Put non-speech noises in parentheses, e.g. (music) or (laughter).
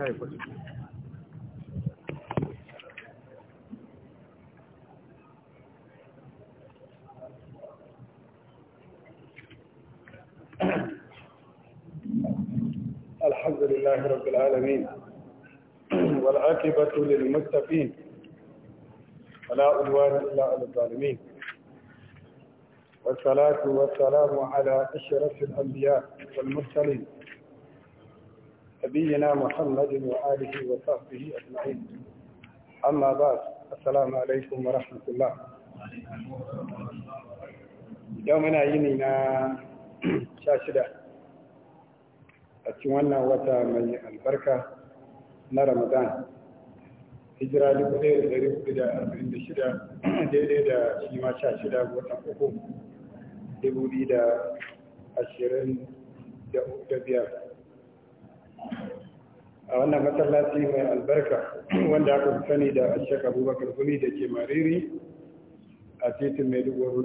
الحمد لله رب العالمين والعاقبة للمتقين ولا عدوان إلا على الظالمين والصلاة والسلام على أشرف الأنبياء والمرسلين نبينا محمد وآله وصحبه أجمعين أما بعد السلام عليكم ورحمة الله يومنا ينينا شاشدة أتمنى وتا من البركة na Ramadan hijira dubu ɗaya da ɗari hudu da arba'in da shida daidai da shi ma sha shida ga uku dubu biyu da ashirin da biyar a wannan masallaci mai albarka (clears throat) wanda aka sani da ashek abubakar gumi da ke mariri a titin mai dubu